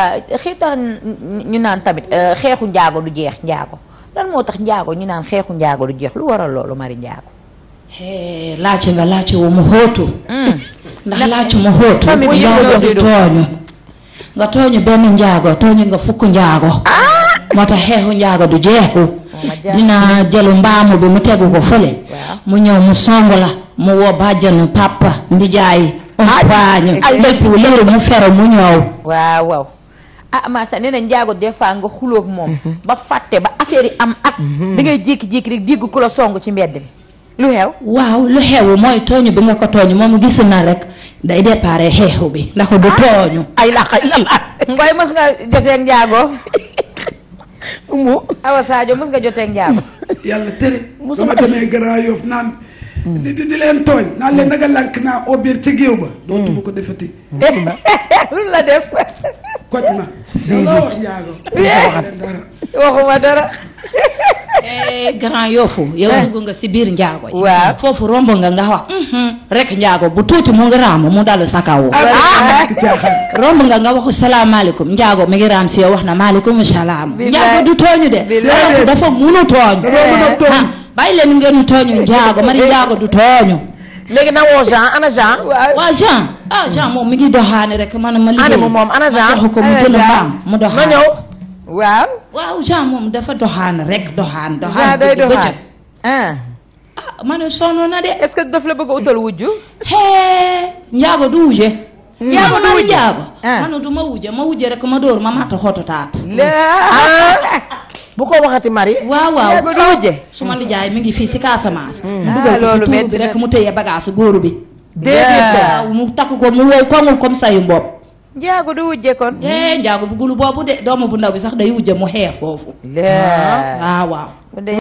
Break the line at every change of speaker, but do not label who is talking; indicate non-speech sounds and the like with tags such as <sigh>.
Ah, xii naan tamit eh, xeexu njaago du jeex njaago lan moo tax njaago ñu naan xeexu njaago du jeex lu waral loolu mari njaago eh, laace nga laace wu mu xóotu hmm.
ndax laace mu xóotu njaago du tooñu
nga tooñu benn njaago tooñu nga fukk njaago ah! moo tax xeexu njaago du jeexu oh, dina jëlu mbaamu bi mu tegu ko fële mu ñëw mu song la mu woo bàjjanu papa ndijaay umpaañu lépp léeru mu fero mu ñëw ah macha nee nañ njaago des fois nga xuloog moom. Mhm. ba fàtte ba affaire yi am at. Mhm. da ngay jékki-jékki rek dégg ku la song ci mbedd mi. lu xew waaw lu xew mooy tooñu bi nga ko tooñu moom gis na rek day déparé bi ndax du ah, tooñu. ay la ay la nga jotee ak njaago. <laughs> mu Awa Sadio mës nga jotee ak njaago. <laughs> yàlla tere. musuma dama demee Grand Yoff naan. Mm. di di leen tooñ. naan leen mm. naga lank naa obir ca géew ba. Mm. dootuma ko defati. <laughs> lu la def. koj ma. looloo waxuma dara. Eh, Grand Yoff yow eh. nga si biir njaago yi. waaw foofu romb nga nga wax. rek njaago bu tuuti mu ngi raam mu dal sa kaw. Ah. nga nga salaamaaleykum njaago mi wax na maaleykum salaam. njaago du tooñu de. dafa munu tooñ. Ah, bàyyi leen ngeen tooñu njaago mari eh. njaago du tooñu. léegi na woo Jean ana Jean. waaw Jean ah Jean moom mi ngi doxaane rek man ma. liggéey mu moom ana Jean ma jox ko mu jënd mbaam mu doxaane ma ñëw. waaw. waaw Jean moom dafa doxaan rek doxaan. doxaan day doxaan ah. ah. ma ne sonn na de. est-ce que daf la bëgg a utal wujju. njaago du wuje.
Hmm. njaago du wuje njaago. Ah. ma
ne du ma wuje ma wuje rek ma door ma matt xotu taat. <laughs> bu ko waxati mari waaw waaw su ma lijaay mi ngi fii si Casamance. Hmm. mu ah, dugal ko si tuur bi rek mu tëye bagage góoru bi. déedéet mu takk ko mu woy ko comme sayu mbopp. njaago du wujje kon. Eh, njaago bu gulu boobu de doomu bu ndaw bi sax day wujje mu xeex foofu. Ah, waaw waaw.